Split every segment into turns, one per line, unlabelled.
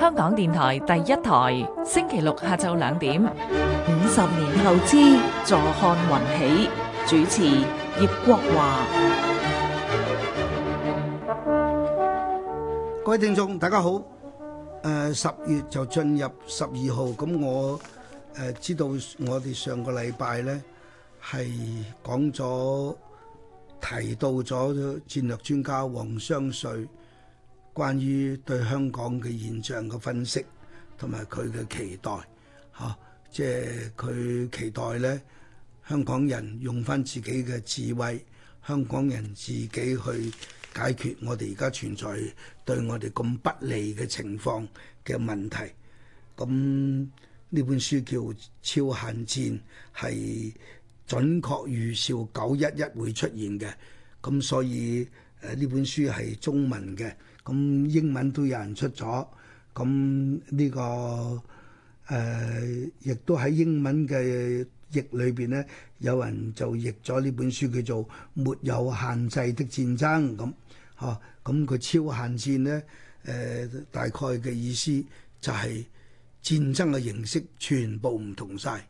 香港電台第一台，星期六下晝兩點。五十年後之坐看雲起。主持葉國華。各位聽眾，大家好。誒，十月就進入十二號，咁我誒知道，我哋上個禮拜呢係講咗。提到咗戰略專家王湘穗關於對香港嘅現象嘅分析，同埋佢嘅期待嚇、啊，即係佢期待咧香港人用返自己嘅智慧，香港人自己去解決我哋而家存在對我哋咁不利嘅情況嘅問題。咁呢本書叫《超限戰》係。準確預兆九一一會出現嘅，咁所以誒呢本書係中文嘅，咁英文都有人出咗，咁呢、這個誒、呃、亦都喺英文嘅譯裏邊咧，有人就譯咗呢本書叫做《沒有限制的戰爭》咁，嚇，咁、啊、佢超限戰咧，誒、呃、大概嘅意思就係戰爭嘅形式全部唔同晒。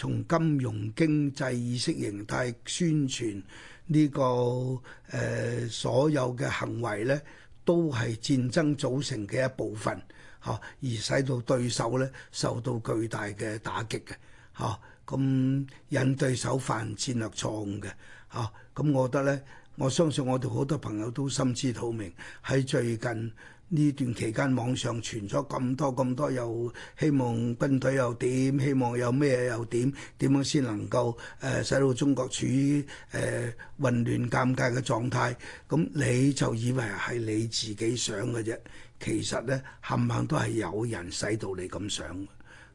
從金融、經濟、意識形態、宣傳呢、呢個誒、呃、所有嘅行為咧，都係戰爭組成嘅一部分嚇、啊，而使到對手咧，受到巨大嘅打擊嘅嚇，咁、啊嗯、引對手犯戰略錯誤嘅嚇，咁、啊嗯、我覺得咧，我相信我哋好多朋友都心知肚明喺最近。呢段期間網上傳咗咁多咁多，又希望軍隊又點？希望有咩又點？點樣先能夠誒使到中國處於誒混亂尷尬嘅狀態？咁你就以為係你自己想嘅啫，其實咧冚唪唥都係有人使到你咁想。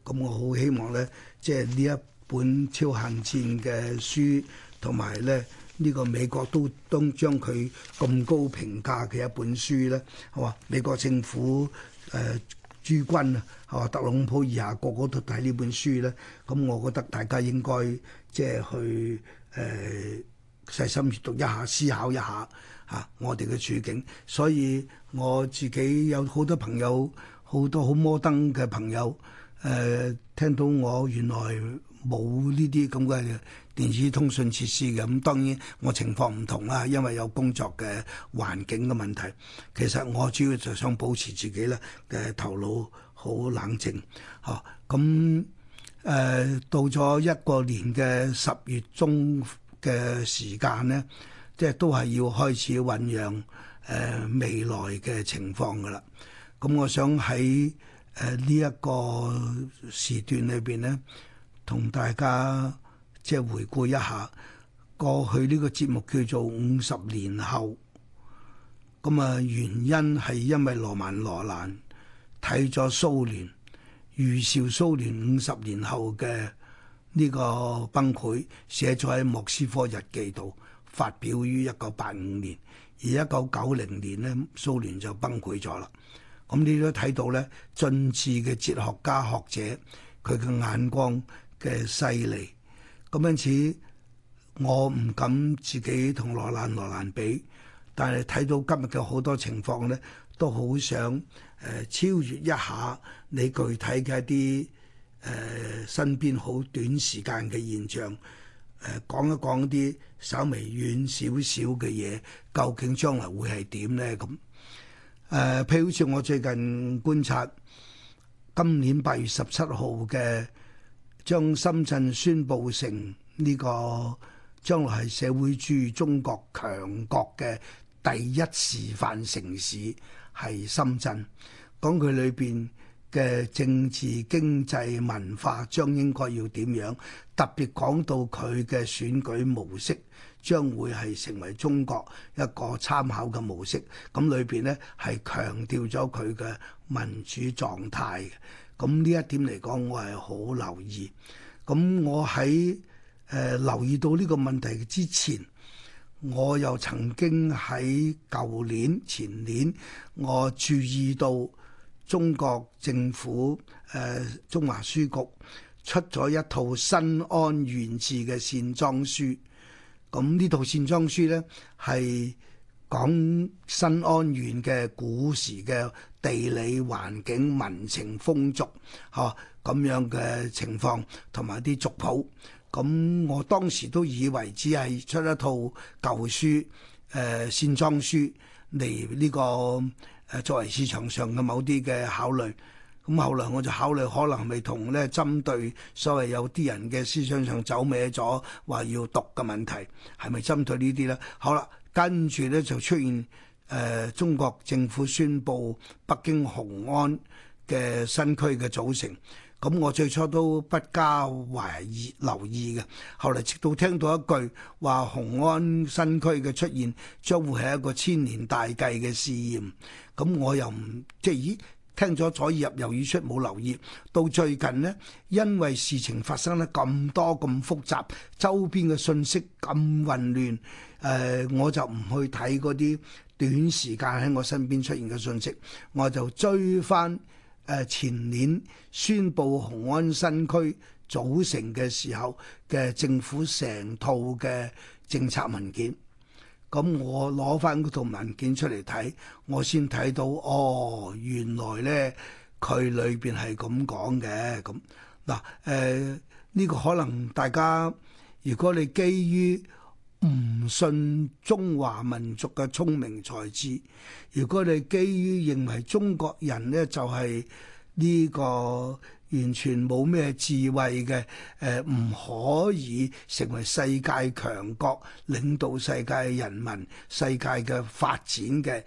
咁我好希望咧，即係呢一本《超限戰》嘅書同埋咧。呢個美國都當將佢咁高評價嘅一本書咧，係話美國政府誒諸君啊，係、呃、話特朗普以下個個都睇呢本書咧，咁我覺得大家應該即係去誒、呃、細心閱讀一下、思考一下嚇、啊、我哋嘅處境。所以我自己有好多朋友，好多好摩登嘅朋友誒、呃，聽到我原來，冇呢啲咁嘅電子通訊設施嘅，咁當然我情況唔同啦，因為有工作嘅環境嘅問題。其實我主要就想保持自己咧嘅頭腦好冷靜，吓咁誒到咗一個年嘅十月中嘅時間咧，即係都係要開始醞釀誒、呃、未來嘅情況噶啦。咁我想喺誒呢一個時段裏邊咧。同大家即係回顧一下過去呢個節目叫做《五十年後》，咁啊，原因係因為羅曼·羅蘭睇咗蘇聯預兆蘇聯五十年後嘅呢個崩潰寫咗喺莫斯科日記度，發表於一九八五年。而一九九零年咧，蘇聯就崩潰咗啦。咁你都睇到咧，進智嘅哲學家學者佢嘅眼光。嘅勢力，咁因此我唔敢自己同羅蘭羅蘭比，但係睇到今日嘅好多情況咧，都好想誒、呃、超越一下你具體嘅一啲誒、呃、身邊好短時間嘅現象，誒、呃、講一講啲稍微遠少少嘅嘢，究竟將來會係點咧？咁誒，譬如好似我最近觀察今年八月十七號嘅。將深圳宣布成呢個將來係社會主義中國強國嘅第一示範城市，係深圳。講佢裏邊嘅政治、經濟、文化將應該要點樣？特別講到佢嘅選舉模式，將會係成為中國一個參考嘅模式。咁裏邊咧係強調咗佢嘅民主狀態。咁呢一點嚟講，我係好留意。咁我喺誒、呃、留意到呢個問題之前，我又曾經喺舊年、前年，我注意到中國政府誒、呃、中華書局出咗一套新安縣志嘅線裝書。咁呢套線裝書咧係。講新安縣嘅古時嘅地理環境、民情風俗，嗬、啊、咁樣嘅情況同埋啲族譜，咁、啊、我當時都以為只係出一套舊書，誒、呃、線裝書嚟呢個誒作為市場上嘅某啲嘅考慮，咁、啊、後來我就考慮可能係咪同咧針對所謂有啲人嘅思想上走歪咗，話要讀嘅問題係咪針對呢啲咧？好啦。跟住咧就出現，誒、呃、中國政府宣布北京雄安嘅新區嘅組成，咁我最初都不加懷疑留意嘅。後嚟直到聽到一句話，雄安新區嘅出現將會係一個千年大計嘅試驗，咁我又唔即係咦。.聽咗，左耳入右耳出，冇留意。到最近呢，因為事情發生得咁多咁複雜，周邊嘅信息咁混亂，誒、呃、我就唔去睇嗰啲短時間喺我身邊出現嘅信息，我就追翻誒前年宣布雄安新區組成嘅時候嘅政府成套嘅政策文件。咁我攞翻嗰套文件出嚟睇，我先睇到哦，原來咧佢裏邊係咁講嘅。咁嗱，誒呢個可能大家，如果你基於唔信中華民族嘅聰明才智，如果你基於認為中國人咧就係呢個。完全冇咩智慧嘅，誒、呃、唔可以成為世界強國、領導世界人民、世界嘅發展嘅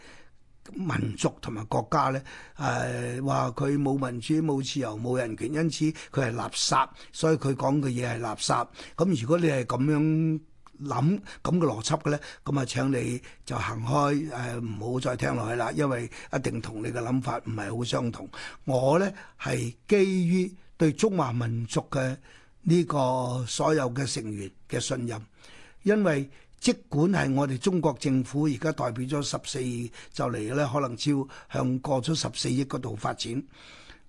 民族同埋國家咧。誒話佢冇民主、冇自由、冇人權，因此佢係垃圾，所以佢講嘅嘢係垃圾。咁如果你係咁樣，諗咁嘅邏輯嘅咧，咁啊請你就行開誒，唔好再聽落去啦，因為一定同你嘅諗法唔係好相同。我咧係基於對中華民族嘅呢個所有嘅成員嘅信任，因為即管係我哋中國政府而家代表咗十四億就嚟咧，可能超向過咗十四億嗰度發展，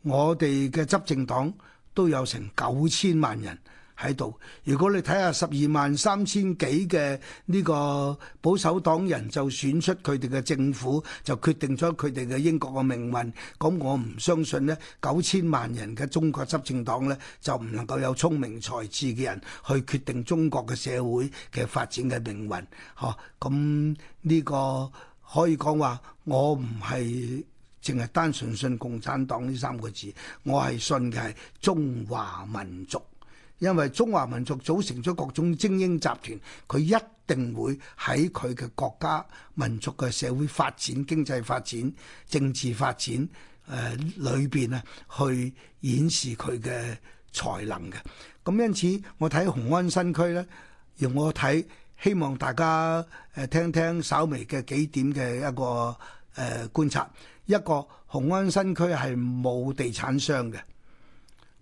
我哋嘅執政黨都有成九千萬人。喺度。如果你睇下十二萬三千幾嘅呢個保守黨人就選出佢哋嘅政府，就決定咗佢哋嘅英國嘅命運。咁我唔相信呢九千萬人嘅中國執政黨呢，就唔能夠有聰明才智嘅人去決定中國嘅社會嘅發展嘅命運。嚇，咁呢個可以講話，我唔係淨係單純信共產黨呢三個字，我係信嘅係中華民族。因為中華民族組成咗各種精英集團，佢一定會喺佢嘅國家、民族嘅社會發展、經濟發展、政治發展誒裏邊啊，去顯示佢嘅才能嘅。咁因此，我睇紅安新區咧，用我睇，希望大家誒聽聽稍微嘅幾點嘅一個誒觀察。一個紅安新區係冇地產商嘅。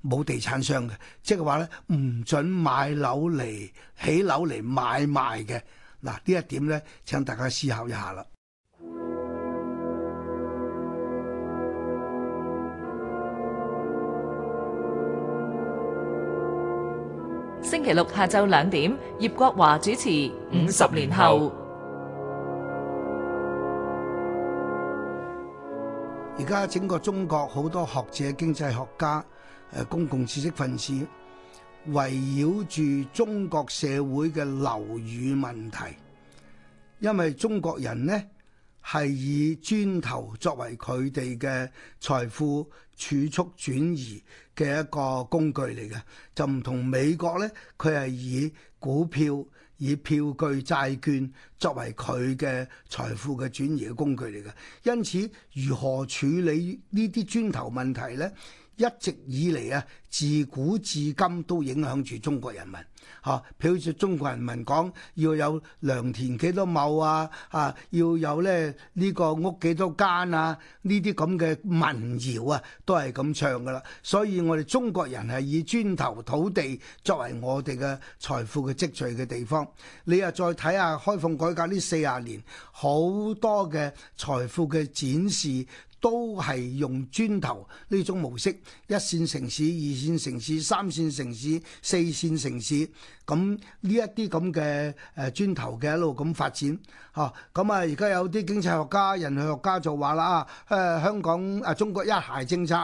冇地產商嘅，即係話咧，唔准買樓嚟起樓嚟買賣嘅。嗱，呢一點咧，請大家思考一下啦。星期六下晝兩點，葉國華主持《五十年後》。而家整個中國好多學者、經濟學家。誒公共知識分子圍繞住中國社會嘅樓宇問題，因為中國人呢係以磚頭作為佢哋嘅財富儲蓄轉移嘅一個工具嚟嘅，就唔同美國呢，佢係以股票、以票據、債券作為佢嘅財富嘅轉移嘅工具嚟嘅。因此，如何處理呢啲磚頭問題呢？一直以嚟啊，自古至今都影響住中國人民，嚇、啊。譬如說，中國人民講要有良田幾多畝啊，啊，要有咧呢、呢個屋幾多間啊，呢啲咁嘅民謠啊，都係咁唱噶啦。所以，我哋中國人係以磚頭土地作為我哋嘅財富嘅積聚嘅地方。你又再睇下開放改革呢四十年，好多嘅財富嘅展示。都係用磚頭呢種模式，一線城市、二線城市、三線城市、四線城市，咁呢一啲咁嘅誒磚頭嘅一路咁發展嚇。咁啊，而家有啲經濟學家、人類學家就話啦啊，香港啊中國一孩政策，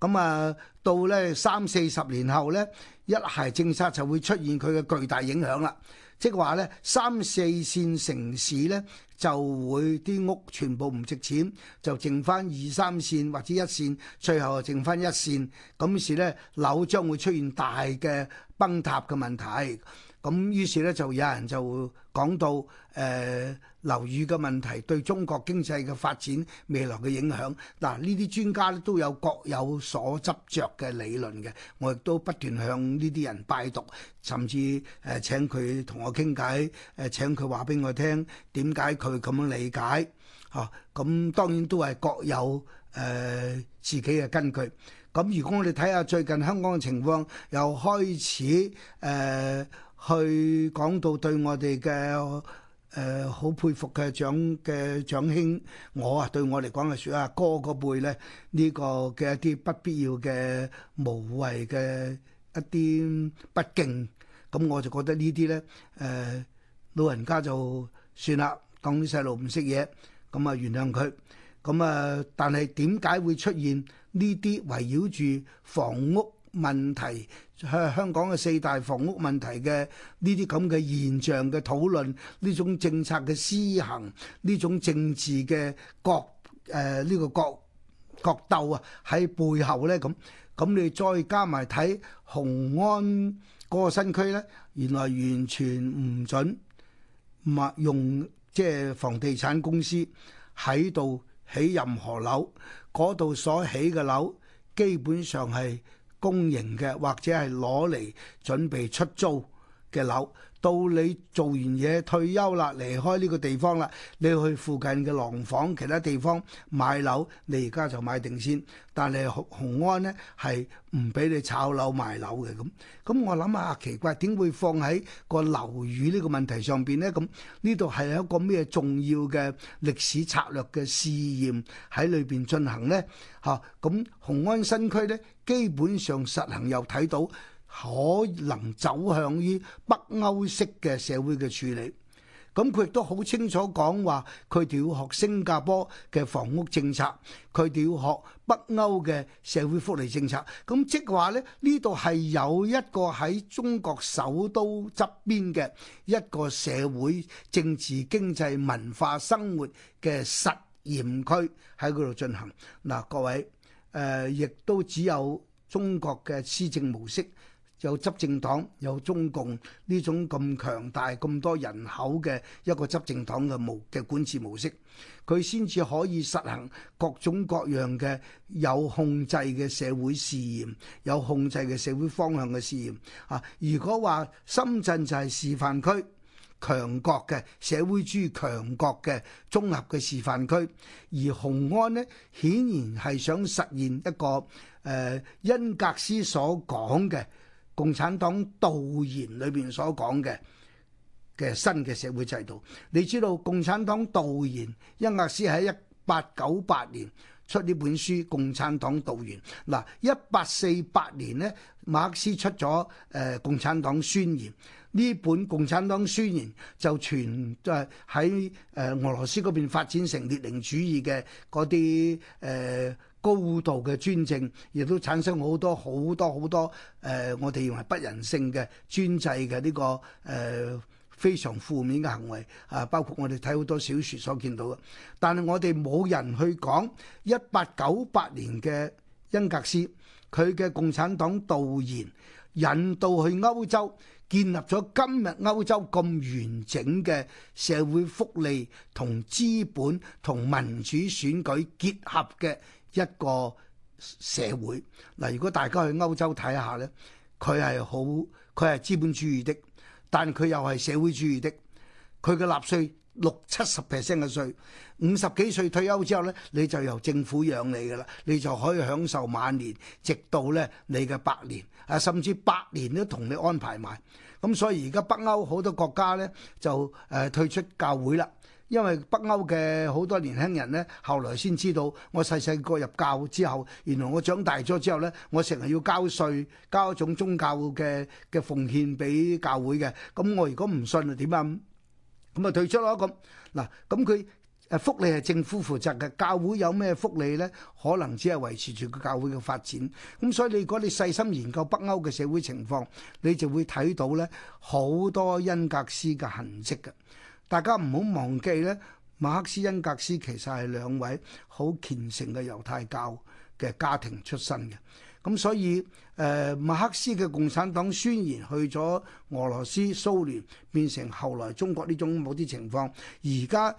咁啊到咧三四十年後咧，一孩政策就會出現佢嘅巨大影響啦。即係話咧，三四線城市咧就會啲屋全部唔值錢，就剩翻二三線或者一線，最後剩翻一線，咁時咧樓將會出現大嘅崩塌嘅問題。咁於是咧，就有人就講到誒樓宇嘅問題對中國經濟嘅發展未來嘅影響。嗱呢啲專家咧都有各有所執着嘅理論嘅，我亦都不斷向呢啲人拜讀，甚至誒、呃、請佢同我傾偈，誒、呃、請佢話俾我聽點解佢咁樣理解，嚇、啊、咁當然都係各有誒、呃、自己嘅根據。咁、呃、如果我哋睇下最近香港嘅情況，又開始誒。呃去講到對我哋嘅誒好佩服嘅長嘅長兄，我啊對我嚟講係說啊哥嗰輩咧呢、呢個嘅一啲不必要嘅無謂嘅一啲不敬，咁我就覺得呢啲咧誒老人家就算啦，當啲細路唔識嘢，咁啊原諒佢，咁啊但係點解會出現呢啲圍繞住房屋問題，香香港嘅四大房屋問題嘅呢啲咁嘅現象嘅討論，呢種政策嘅施行，呢種政治嘅角誒呢個角角鬥啊，喺背後咧咁咁，你再加埋睇雄安嗰個新區咧，原來完全唔準物用，即係房地產公司喺度起任何樓，嗰度所起嘅樓基本上係。公營嘅或者係攞嚟準備出租嘅樓。到你做完嘢退休啦，離開呢個地方啦，你去附近嘅廊坊、其他地方買樓，你而家就買定先。但係雄安呢，係唔俾你炒樓賣樓嘅咁。咁我諗下奇怪，點會放喺個樓宇呢個問題上邊呢？咁呢度係一個咩重要嘅歷史策略嘅試驗喺裏邊進行呢？嚇！咁雄安新區呢，基本上實行又睇到。可能走向於北歐式嘅社會嘅處理，咁佢亦都好清楚講話，佢哋要學新加坡嘅房屋政策，佢哋要學北歐嘅社會福利政策。咁即係話咧，呢度係有一個喺中國首都側邊嘅一個社會、政治、經濟、文化、生活嘅實驗區喺嗰度進行。嗱，各位誒，亦、呃、都只有中國嘅施政模式。有執政黨，有中共呢種咁強大咁多人口嘅一個執政黨嘅模嘅管治模式，佢先至可以實行各種各樣嘅有控制嘅社會試驗，有控制嘅社會方向嘅試驗。啊，如果話深圳就係示範區，強國嘅社會主義強國嘅綜合嘅示範區，而紅安呢，顯然係想實現一個誒恩格斯所講嘅。共產黨導言裏邊所講嘅嘅新嘅社會制度，你知道共產黨導言，恩格斯喺一八九八年出呢本書《共產黨導言》。嗱，一八四八年呢，馬克思出咗誒、呃、《共產黨宣言》，呢本《共產黨宣言》就就全就喺誒俄羅斯嗰邊發展成列寧主義嘅嗰啲誒。呃高度嘅專政，亦都產生好多好多好多誒、呃，我哋認為不人性嘅專制嘅呢、這個誒、呃、非常負面嘅行為啊！包括我哋睇好多小説所見到嘅。但係我哋冇人去講一八九八年嘅恩格斯佢嘅共產黨導言，引導去歐洲建立咗今日歐洲咁完整嘅社會福利同資本同民主選舉結合嘅。一個社會嗱，如果大家去歐洲睇下呢，佢係好，佢係資本主義的，但佢又係社會主義的。佢嘅納稅六七十 percent 嘅稅，五十幾歲退休之後呢，你就由政府養你噶啦，你就可以享受晚年，直到呢你嘅百年啊，甚至百年都同你安排埋。咁所以而家北歐好多國家呢，就誒退出教會啦。因為北歐嘅好多年輕人呢，後來先知道我細細個入教之後，原來我長大咗之後呢，我成日要交稅、交一種宗教嘅嘅奉獻俾教會嘅。咁我如果唔信啊點啊？咁啊退出咯咁。嗱，咁佢誒福利係政府負責嘅，教會有咩福利呢？可能只係維持住個教會嘅發展。咁所以你如果你細心研究北歐嘅社會情況，你就會睇到呢好多恩格斯嘅痕跡嘅。大家唔好忘記咧，馬克思、恩格斯其實係兩位好虔誠嘅猶太教嘅家庭出身嘅，咁所以誒、呃、馬克思嘅共產黨宣言去咗俄羅斯、蘇聯，變成後來中國呢種某啲情況；而家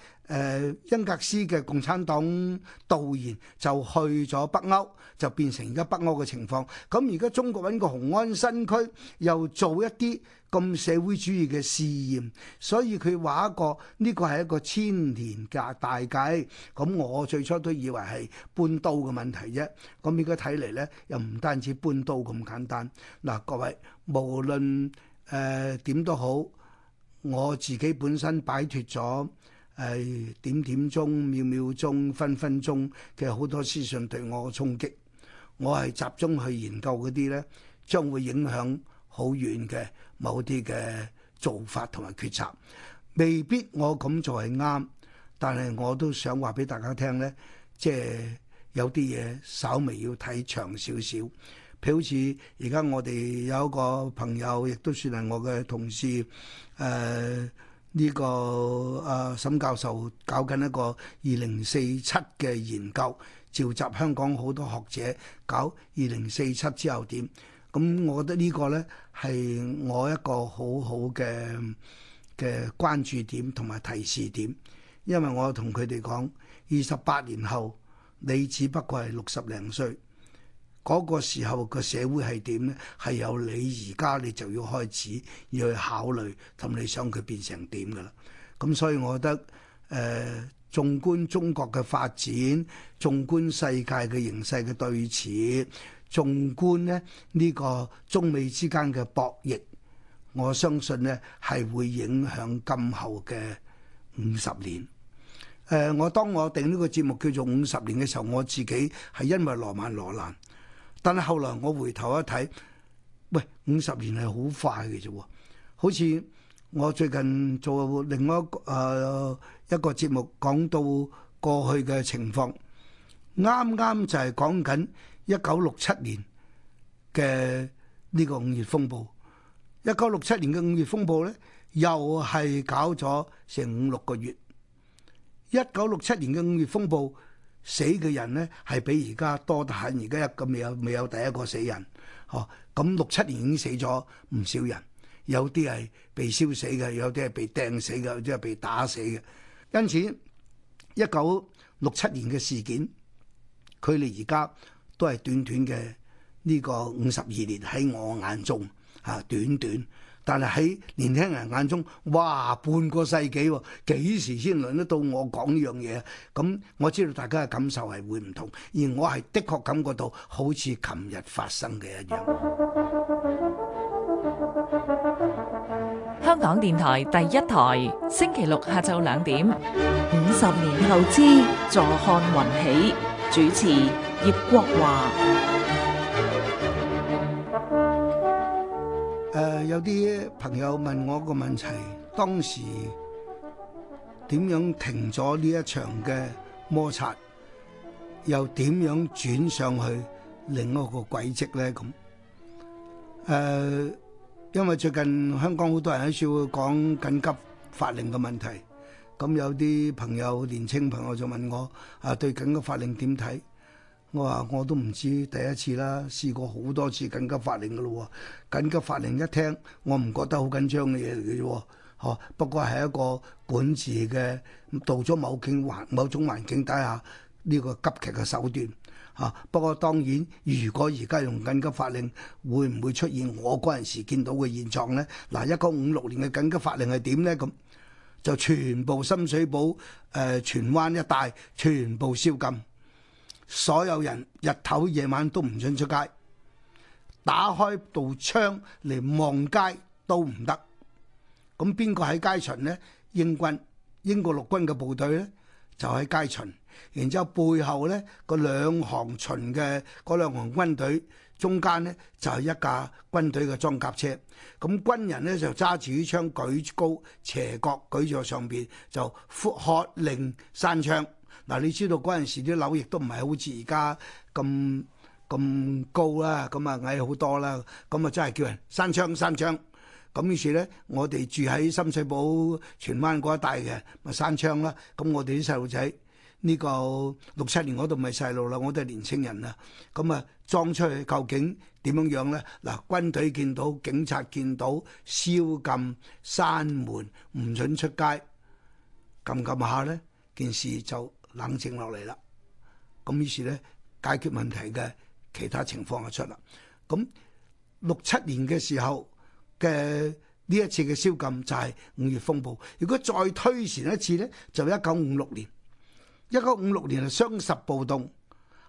誒恩格斯嘅共產黨導言就去咗北歐，就變成而家北歐嘅情況。咁而家中國揾個雄安新區，又做一啲。咁社會主義嘅試驗，所以佢話一個呢個係一個千年嘅大計。咁我最初都以為係搬刀嘅問題啫。咁應該睇嚟咧，又唔單止搬刀咁簡單。嗱，各位無論誒點、呃、都好，我自己本身擺脱咗誒點點鐘、秒秒鐘、分分鐘其實好多思想對我嘅衝擊，我係集中去研究嗰啲咧，將會影響。好遠嘅某啲嘅做法同埋決策，未必我咁做係啱，但係我都想話俾大家聽咧，即係有啲嘢稍微要睇長少少。譬如好似而家我哋有一個朋友，亦都算係我嘅同事，誒、呃、呢、呢個阿沈教授搞緊一個二零四七嘅研究，召集香港好多學者搞二零四七之後點。咁，我覺得呢個咧係我一個好好嘅嘅關注點同埋提示點，因為我同佢哋講，二十八年後你只不過係六十零歲，嗰個時候個社會係點咧？係由你而家你就要開始要去考慮同你想佢變成點噶啦。咁所以，我覺得誒。呃縱觀中國嘅發展，縱觀世界嘅形勢嘅對峙，縱觀咧呢個中美之間嘅博弈，我相信咧係會影響今後嘅五十年。誒、呃，我當我定呢個節目叫做五十年嘅時候，我自己係因為羅曼羅蘭，但係後來我回頭一睇，喂，五十年係好快嘅啫，好似～我最近做另外一個誒、一個節目，講到過去嘅情況，啱啱就係講緊一九六七年嘅呢個五月風暴。一九六七年嘅五月風暴咧，又係搞咗成五六個月。一九六七年嘅五月風暴死嘅人咧，係比而家多，但係而家一個未有未有第一個死人，哦，咁六七年已經死咗唔少人。有啲係被燒死嘅，有啲係被掟死嘅，有啲係被打死嘅。因此，一九六七年嘅事件，佢哋而家都係短短嘅呢個五十二年，喺我眼中啊，短短，但係喺年輕人眼中，哇，半個世紀喎，幾時先輪得到我講呢樣嘢？咁我知道大家嘅感受係會唔同，而我係的確感覺到好似琴日發生嘅一樣。港電台第一台，星期六下晝兩點。五十年後之坐看雲起。主持葉國華。誒，有啲朋友問我個問題，當時點樣停咗呢一場嘅摩擦，又點樣轉上去另一個軌跡咧？咁誒。因為最近香港好多人喺度講緊急法令嘅問題，咁有啲朋友年輕朋友就問我啊，對緊急法令點睇？我話我都唔知第一次啦，試過好多次緊急法令㗎喇喎，緊急法令一聽，我唔覺得好緊張嘅嘢嚟嘅喎，嚇、啊、不過係一個管治嘅，到咗某境環某種環境底下呢、呢個急劇嘅手段。啊！不過當然，如果而家用緊急法令，會唔會出現我嗰陣時見到嘅現狀呢？嗱，一個然之後，背後咧個兩行巡嘅嗰兩行軍隊，中間咧就係一架軍隊嘅裝甲車。咁軍人咧就揸住支槍，舉高斜角，舉咗上邊就呼喝令山槍。嗱，你知道嗰陣時啲樓亦都唔係好似而家咁咁高啦，咁啊矮好多啦。咁啊真係叫人山槍山槍。咁於是咧，我哋住喺深水埗荃灣嗰一帶嘅，咪山槍啦。咁我哋啲細路仔。呢個六七年嗰度唔係細路啦，我哋係年青人啦。咁啊，裝出去究竟點樣樣咧？嗱，軍隊見到，警察見到，宵禁閂門，唔准出街，撳撳下咧，件事就冷靜落嚟啦。咁於是咧，解決問題嘅其他情況就出啦。咁六七年嘅時候嘅呢一次嘅宵禁就係五月風暴。如果再推前一次咧，就一九五六年。一九五六年嘅雙十暴動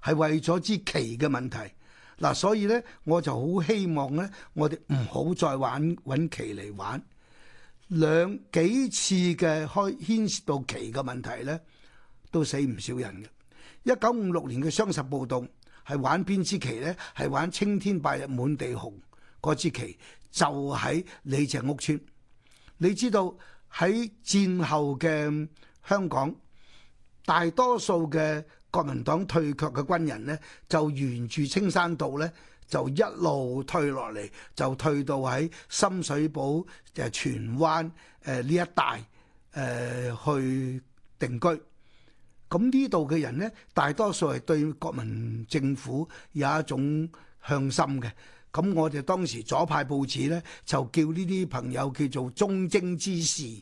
係為咗支旗嘅問題，嗱，所以咧我就好希望咧，我哋唔好再玩揾旗嚟玩。兩幾次嘅開牽涉到旗嘅問題咧，都死唔少人嘅。一九五六年嘅雙十暴動係玩邊支旗咧？係玩青天白日滿地紅嗰支旗，就喺李鄭屋村。你知道，喺戰後嘅香港？大多數嘅國民黨退卻嘅軍人咧，就沿住青山道咧，就一路退落嚟，就退到喺深水埗嘅荃灣誒呢一帶誒去定居。咁呢度嘅人咧，大多數係對國民政府有一種向心嘅。咁我哋當時左派報紙咧，就叫呢啲朋友叫做忠貞之士。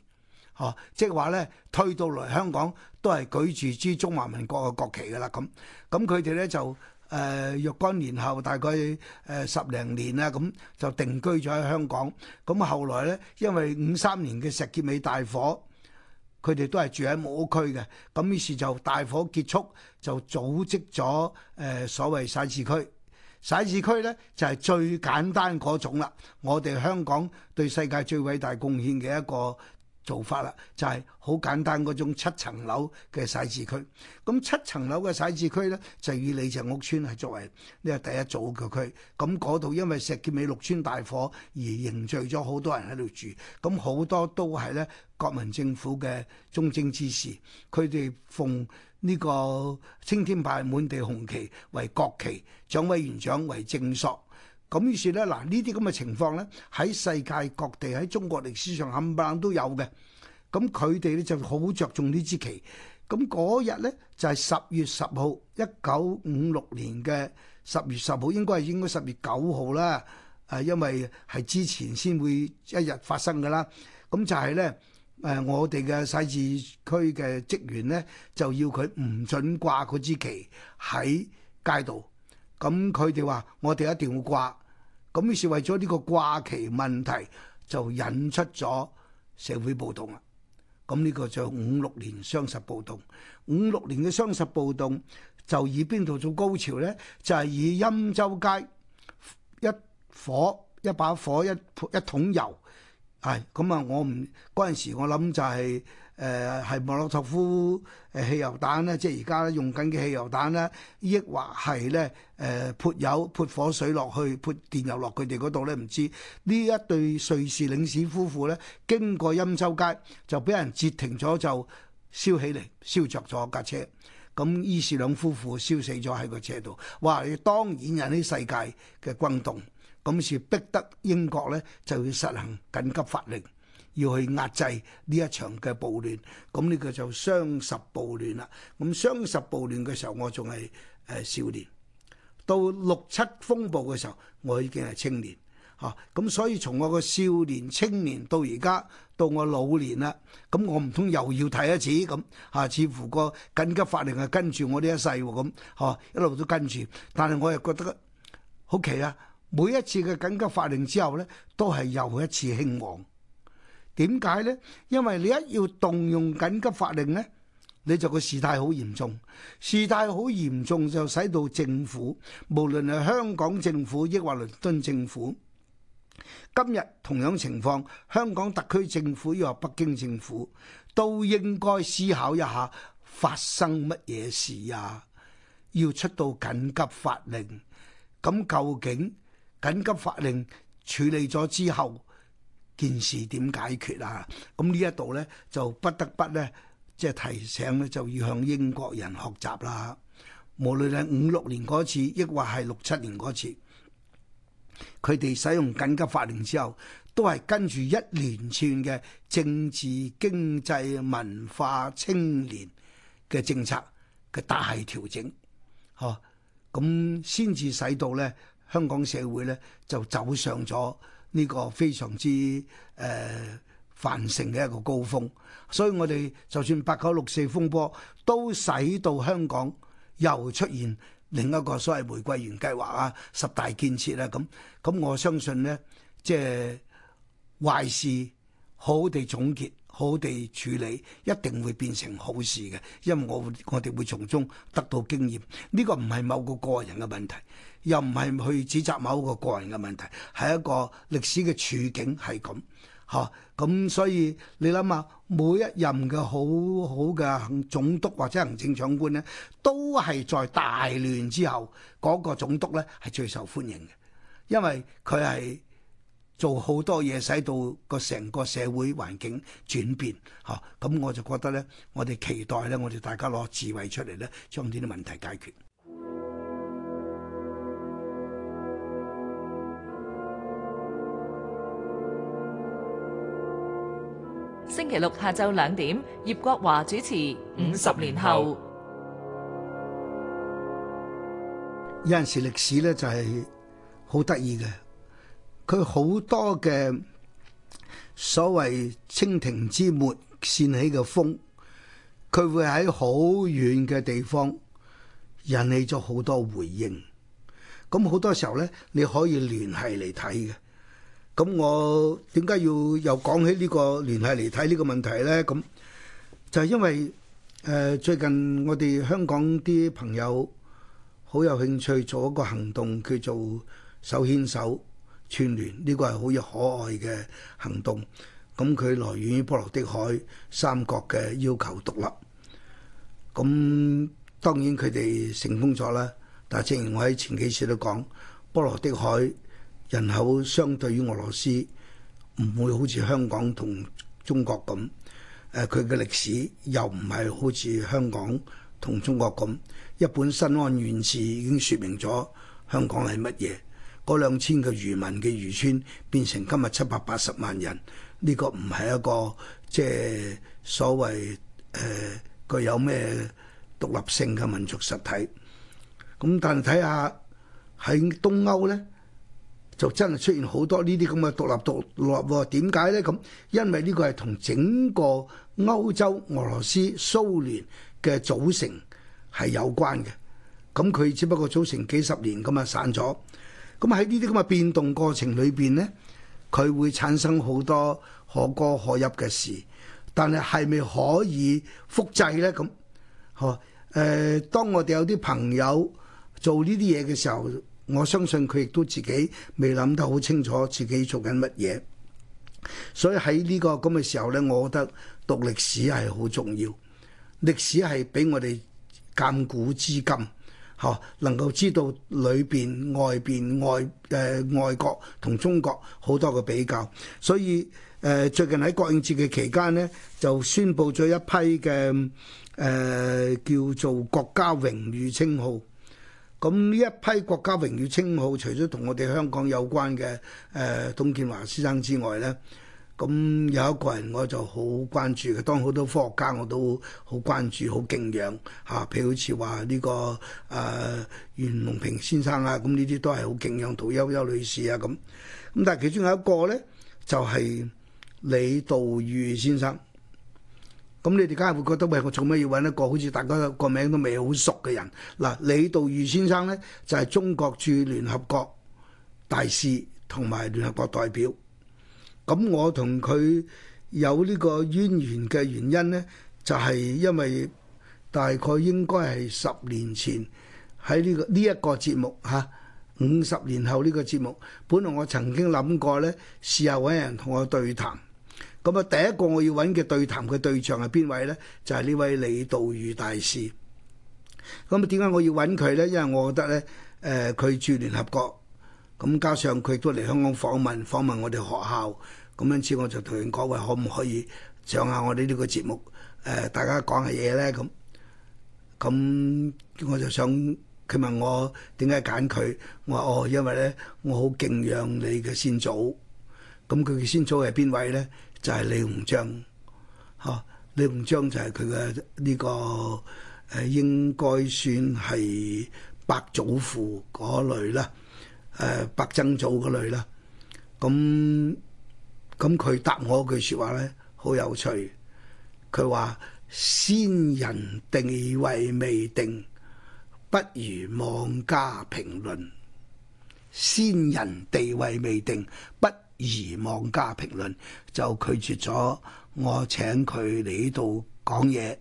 哦，即係話咧，推到來香港都係舉住支中華民國嘅國旗噶啦咁，咁佢哋咧，就誒若干年後，大概誒十零年啦咁，就定居咗喺香港。咁後來咧，因為五三年嘅石硖尾大火，佢哋都係住喺木屋區嘅。咁於是就大火結束，就組織咗誒所謂嘅徙置區。徙置區咧就係最簡單嗰種啦。我哋香港對世界最偉大貢獻嘅一個。做法啦，就係好簡單嗰種七層樓嘅徙置區。咁七層樓嘅徙置區咧，就以李鄭屋村係作為呢個第一組嘅區。咁嗰度因為石硖尾六村大火而凝聚咗好多人喺度住。咁好多都係咧，國民政府嘅忠貞之士，佢哋奉呢個青天白日滿地紅旗為國旗，蔣委員長為正朔。咁於是咧，嗱呢啲咁嘅情況咧，喺世界各地喺中國歷史上冚唪唥都有嘅。咁佢哋咧就好着重呢支旗。咁嗰日咧就係十月十號，一九五六年嘅十月十號，應該係應該十月九號啦。誒，因為係之前先會一日發生噶啦。咁就係咧誒，我哋嘅徙置區嘅職員咧就要佢唔准掛嗰支旗喺街度。咁佢哋話：我哋一定要掛。咁於是為咗呢個掛期問題，就引出咗社會暴動啦。咁呢個就五六年雙十暴動。五六年嘅雙十暴動就以邊度做高潮咧？就係、是、以欽州街一火一把火一一桶油係咁啊！我唔嗰陣時我、就是，我諗就係。誒係莫洛托夫誒汽油彈咧，即係而家用緊嘅汽油彈咧，抑或係咧誒潑油、潑火水落去、潑電油落佢哋嗰度咧，唔知呢一對瑞士領事夫婦咧，經過欽州街就俾人截停咗，就燒起嚟、燒著咗架車，咁於是兩夫婦燒死咗喺個車度。哇！當然引起世界嘅轟動，咁是逼得英國咧就要實行緊急法令。要去壓制呢一場嘅暴亂，咁呢個就雙十暴亂啦。咁雙十暴亂嘅時候，我仲係誒少年；到六七風暴嘅時候，我已經係青年。嚇咁，所以從我個少年、青年到而家到我老年啦，咁我唔通又要睇一次咁嚇？似乎個緊急法令係跟住我呢一世喎，咁嚇一路都跟住。但係我又覺得好奇啦、啊，每一次嘅緊急法令之後咧，都係又一次興旺。點解呢？因為你一要動用緊急法令呢，你就個事態好嚴重。事態好嚴重就使到政府，無論係香港政府抑或倫敦政府，今日同樣情況，香港特區政府抑或北京政府都應該思考一下發生乜嘢事呀？要出到緊急法令，咁究竟緊急法令處理咗之後，件事點解決啊？咁呢一度呢，就不得不呢，即係提醒呢，就要向英國人學習啦。無論係五六年嗰次，抑或係六七年嗰次，佢哋使用緊急法令之後，都係跟住一連串嘅政治、經濟、文化、青年嘅政策嘅大調整，嚇咁先至使到呢，香港社會呢，就走上咗。呢個非常之誒、呃、繁盛嘅一個高峰，所以我哋就算八九六四風波，都使到香港又出現另一個所謂玫瑰園計劃啊、十大建設啊咁。咁我相信呢，即係壞事，好地總結，好地處理，一定會變成好事嘅，因為我我哋會從中得到經驗。呢、呢個唔係某個個人嘅問題。又唔係去指責某一個個人嘅問題，係一個歷史嘅處境係咁嚇。咁所以你諗下，每一任嘅好好嘅總督或者行政長官咧，都係在大亂之後嗰、那個總督咧係最受歡迎嘅，因為佢係做好多嘢，使到個成個社會環境轉變嚇，咁我就覺得咧，我哋期待咧，我哋大家攞智慧出嚟咧，將呢啲問題解決。星期六下晝兩點，葉國華主持。五十年後，有陣時歷史咧就係好得意嘅。佢好多嘅所謂青萍之末掀起嘅風，佢會喺好遠嘅地方引起咗好多回應。咁好多時候咧，你可以聯繫嚟睇嘅。咁我點解要又講起呢個聯繫嚟睇呢個問題呢？咁就係因為誒、呃、最近我哋香港啲朋友好有興趣做一個行動，叫做手牽手串聯，呢、呢個係好有可愛嘅行動。咁佢來源於波羅的海三國嘅要求獨立。咁當然佢哋成功咗啦，但係正如我喺前幾次都講，波羅的海。人口相對於俄羅斯唔會好似香港同中國咁。誒、呃，佢嘅歷史又唔係好似香港同中國咁。一本《新安縣志》已經説明咗香港係乜嘢。嗰兩千個漁民嘅漁村變成今日七百八十萬人，呢、這個唔係一個即係所謂誒、呃、具有咩獨立性嘅民族實體。咁、嗯、但係睇下喺東歐呢。就真係出現好多呢啲咁嘅獨立獨立喎？點解呢？咁因為呢個係同整個歐洲、俄羅斯、蘇聯嘅組成係有關嘅。咁、嗯、佢只不過組成幾十年咁啊、嗯、散咗。咁喺呢啲咁嘅變動過程裏邊呢，佢會產生好多可歌可泣嘅事。但係係咪可以複製呢？咁、嗯，嗬？誒，當我哋有啲朋友做呢啲嘢嘅時候。我相信佢亦都自己未諗得好清楚自己做緊乜嘢，所以喺呢個咁嘅時候咧，我覺得讀歷史係好重要。歷史係俾我哋鑑古知今，嚇能夠知道裏邊外邊外誒外國同中國好多嘅比較，所以誒最近喺國慶節嘅期間咧，就宣布咗一批嘅誒叫做國家榮譽稱號。咁呢一批國家榮譽稱號，除咗同我哋香港有關嘅誒董建華先生之外咧，咁、嗯、有一個人我就好關注嘅。當好多科學家我都好關注、好敬仰嚇，譬、啊、如好似話呢個誒、呃、袁隆平先生啊，咁呢啲都係好敬仰屠呦呦女士啊。咁咁、嗯，但係其中有一個咧，就係、是、李道豫先生。咁你哋梗係會覺得喂，我做咩要揾一個好似大家個名都未好熟嘅人？嗱、啊，李道豫先生呢，就係、是、中國駐聯合國大使同埋聯合國代表。咁我同佢有呢個淵源嘅原因呢，就係、是、因為大概應該係十年前喺呢、這個呢一、這個節目嚇，五、啊、十年後呢個節目，本來我曾經諗過呢，試下揾人同我對談。咁啊，第一個我要揾嘅對談嘅對象係邊位咧？就係呢位李道宇大使。咁啊，點解我要揾佢咧？因為我覺得咧，誒佢駐聯合國，咁加上佢亦都嚟香港訪問，訪問我哋學校，咁因此我就同佢講話，可唔可以上下我哋呢個節目，誒大家講下嘢咧？咁，咁我就想佢問我點解揀佢，我話哦，因為咧我好敬仰你嘅先祖，咁佢嘅先祖係邊位咧？就係李鴻章，嚇、啊、李鴻章就係佢嘅呢個誒應該算係伯祖父嗰類啦，誒伯曾祖嗰類啦。咁咁佢答我句説話咧，好有趣。佢話：先人地位未定，不如妄加評論。先人地位未定，不。疑望加評論，就拒絕咗我請佢嚟呢度講嘢，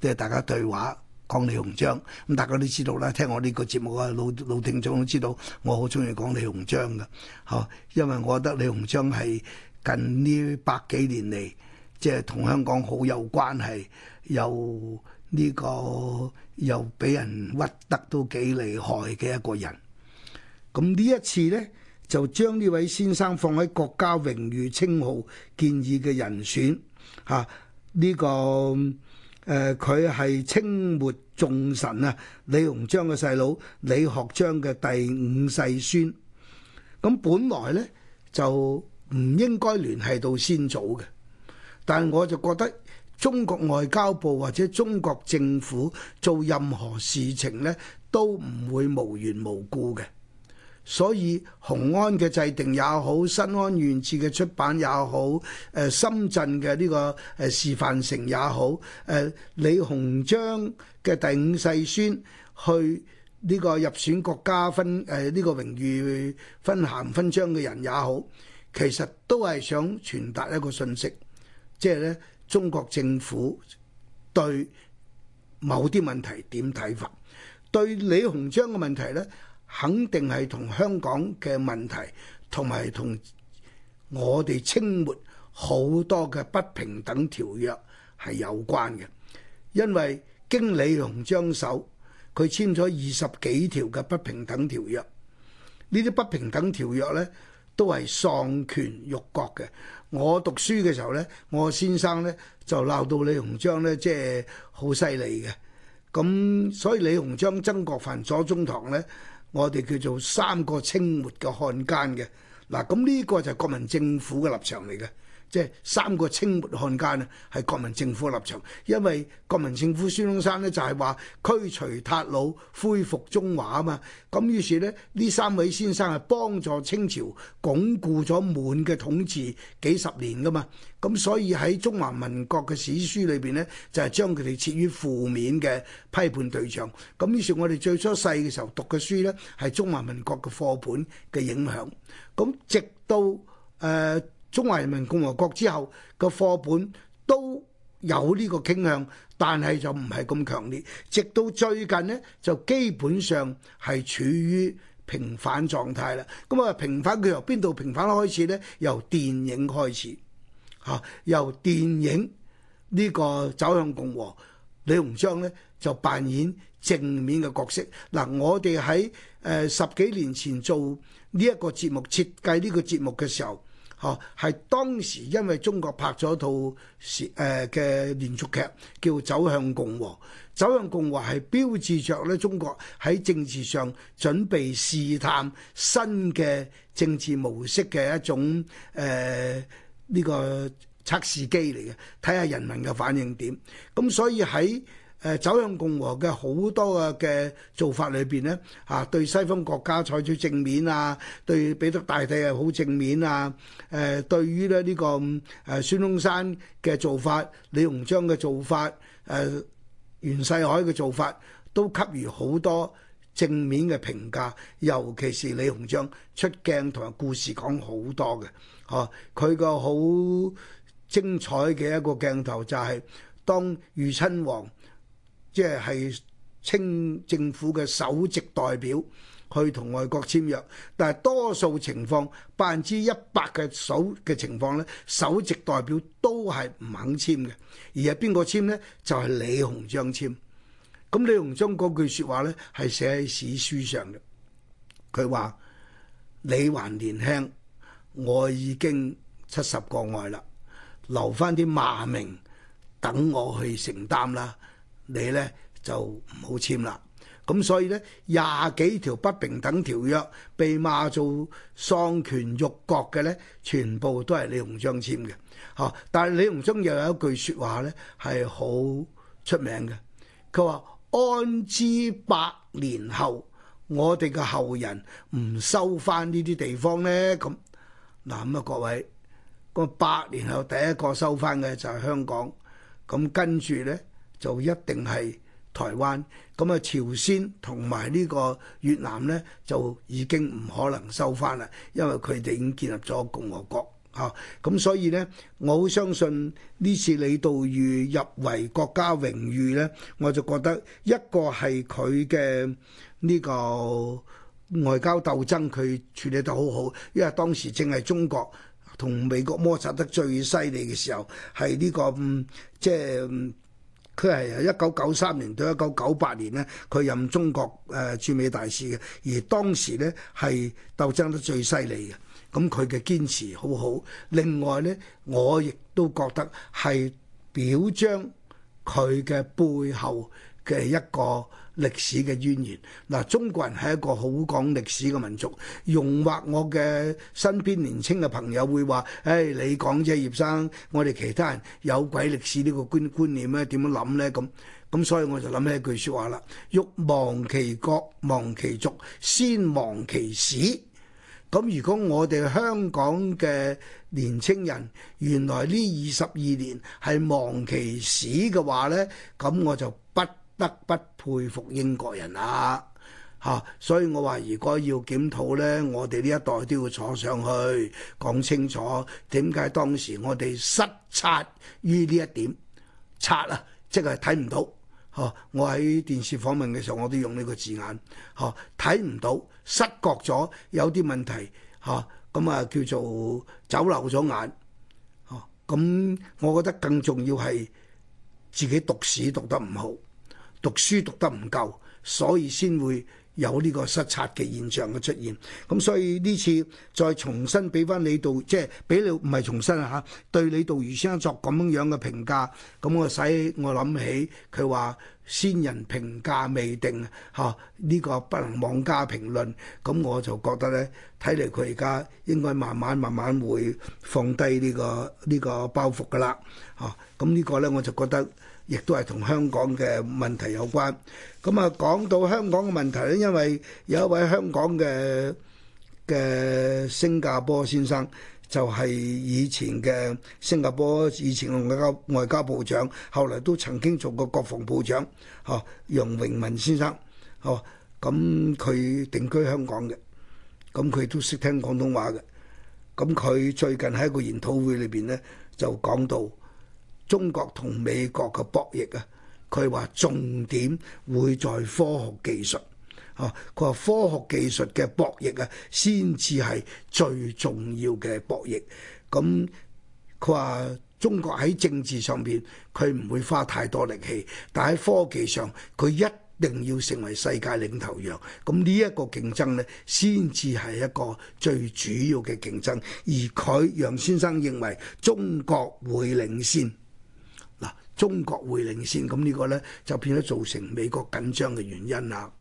即係大家對話講李鴻章。咁大家都知道啦，聽我呢個節目啊，老老聽眾都知道，我好中意講李鴻章嘅。嚇，因為我覺得李鴻章係近呢百幾年嚟，即係同香港好有關係，又呢個又俾人屈得都幾厲害嘅一個人。咁呢一次咧？就將呢位先生放喺國家榮譽稱號建議嘅人選，嚇、啊、呢、呢個誒佢係清末重臣啊李鴻章嘅細佬李學章嘅第五世孫。咁本來呢，就唔應該聯繫到先祖嘅，但我就覺得中國外交部或者中國政府做任何事情呢，都唔會無緣無故嘅。所以《雄安》嘅制定也好，《新安縣志》嘅出版也好，誒深圳嘅呢個誒示範城也好，誒李鴻章嘅第五世孫去呢個入選國家分誒呢個榮譽分銜分章嘅人也好，其實都係想傳達一個信息，即係咧中國政府對某啲問題點睇法，對李鴻章嘅問題咧，肯定係同香港嘅問題，同埋同我哋清末好多嘅不平等條約係有關嘅，因為經李鴻章手，佢簽咗二十幾條嘅不平等條約，呢啲不平等條約呢，都係喪權辱國嘅。我讀書嘅時候呢，我先生呢，就鬧到李鴻章呢，即係好犀利嘅。咁所以李鴻章、曾國藩、左宗棠呢。我哋叫做三個清末嘅漢奸嘅，嗱，咁呢個就係國民政府嘅立場嚟嘅。即係三個清末漢奸啊，係國民政府立場，因為國民政府孫中山呢就係、是、話驅除韃虜，恢復中華啊嘛。咁於是呢，呢三位先生係幫助清朝鞏固咗滿嘅統治幾十年㗎嘛。咁、嗯、所以喺中華民國嘅史書裏邊呢，就係、是、將佢哋設於負面嘅批判對象。咁、嗯、於是，我哋最初細嘅時候讀嘅書呢，係中華民國嘅課本嘅影響。咁、嗯、直到誒、呃中華人民共和國之後嘅課本都有呢個傾向，但係就唔係咁強烈。直到最近呢，就基本上係處於平反狀態啦。咁、嗯、啊，平反佢由邊度平反開始呢？由電影開始嚇、啊，由電影呢個走向共和，李鴻章呢就扮演正面嘅角色。嗱、啊，我哋喺誒十幾年前做呢一個節目設計呢個節目嘅時候。哦，係當時因為中國拍咗套誒嘅連續劇叫《走向共和》，《走向共和》係標誌着咧中國喺政治上準備試探新嘅政治模式嘅一種誒呢個測試機嚟嘅，睇下人民嘅反應點。咁所以喺誒走向共和嘅好多嘅嘅做法裏邊咧，嚇、啊、對西方國家採取正面啊，對彼得大帝係好正面啊。誒、啊、對於咧呢、這個誒孫中山嘅做法、李鴻章嘅做法、誒、啊、袁世凱嘅做法，都給予好多正面嘅評價。尤其是李鴻章出鏡同埋故事講好多嘅，哦佢個好精彩嘅一個鏡頭就係、是、當御親王。即係清政府嘅首席代表去同外國簽約，但係多數情況百分之一百嘅首嘅情況咧，首席代表都係唔肯簽嘅，而係邊個簽呢？就係李鴻章簽。咁李鴻章嗰句説話呢，係寫喺史書上嘅。佢話：你還年輕，我已經七十過外七十個外啦，留翻啲罵名等我去承擔啦。你咧就唔好簽啦，咁所以咧廿幾條不平等條約被罵做喪權辱國嘅咧，全部都係李鴻章簽嘅。嚇、啊！但係李鴻章又有一句説話咧係好出名嘅，佢話：安知百年後我哋嘅後人唔收翻呢啲地方咧？咁嗱咁啊，各位個百年後第一個收翻嘅就係香港，咁跟住咧。就一定係台灣，咁啊朝鮮同埋呢個越南呢，就已經唔可能收翻啦，因為佢哋已經建立咗共和國嚇。咁、啊、所以呢，我好相信呢次李道豫入圍國家榮譽呢，我就覺得一個係佢嘅呢個外交鬥爭，佢處理得好好，因為當時正係中國同美國摩擦得最犀利嘅時候，係呢、呢個、嗯、即係。佢係一九九三年到一九九八年呢，佢任中國誒駐美大使嘅，而當時呢，係鬥爭得最犀利嘅，咁佢嘅堅持好好。另外呢，我亦都覺得係表彰佢嘅背後嘅一個歷史嘅淵源嗱、啊，中國人係一個好講歷史嘅民族。容或我嘅身邊年青嘅朋友會話：誒、哎，你講啫，葉生，我哋其他人有鬼歷史呢個觀觀念咩？點樣諗呢？呢，咁咁，所以我就諗起一句説話啦：欲亡其國，亡其族，先亡其史。咁如果我哋香港嘅年青人原來呢二十二年係亡其史嘅話呢，咁我就得不佩服英國人啊！嚇、啊，所以我話如果要檢討呢，我哋呢一代都要坐上去講清楚點解當時我哋失察於呢一點察啊，即係睇唔到。啊、我喺電視訪問嘅時候，我都用呢個字眼，睇、啊、唔到失覺咗有啲問題。咁啊，叫做走漏咗眼。咁、啊、我覺得更重要係自己讀史讀得唔好。讀書讀得唔夠，所以先會有呢個失察嘅現象嘅出現。咁所以呢次再重新俾翻、就是、你度，即係俾你唔係重新啊嚇，對你讀餘生作咁樣嘅評價。咁我使我諗起佢話先人評價未定嚇，呢、啊呢個不能妄加評論。咁我就覺得呢，睇嚟佢而家應該慢慢慢慢會放低呢、呢個呢、呢個包袱噶啦。嚇、啊，咁呢個呢，我就覺得。亦都係同香港嘅問題有關。咁啊，講到香港嘅問題咧，因為有一位香港嘅嘅新加坡先生，就係以前嘅新加坡以前嘅外交外交部長，後嚟都曾經做過國防部長，哦，楊榮文先生，哦，咁佢定居香港嘅，咁佢都識聽廣東話嘅。咁佢最近喺一個研討會裏邊呢，就講到。中國同美國嘅博弈啊，佢話重點會在科學技術。哦，佢話科學技術嘅博弈啊，先至係最重要嘅博弈。咁佢話中國喺政治上邊佢唔會花太多力氣，但喺科技上佢一定要成為世界領頭羊。咁呢一個競爭呢，先至係一個最主要嘅競爭。而佢，楊先生認為中國會領先。中國會領先，咁呢個咧就變咗造成美國緊張嘅原因啦。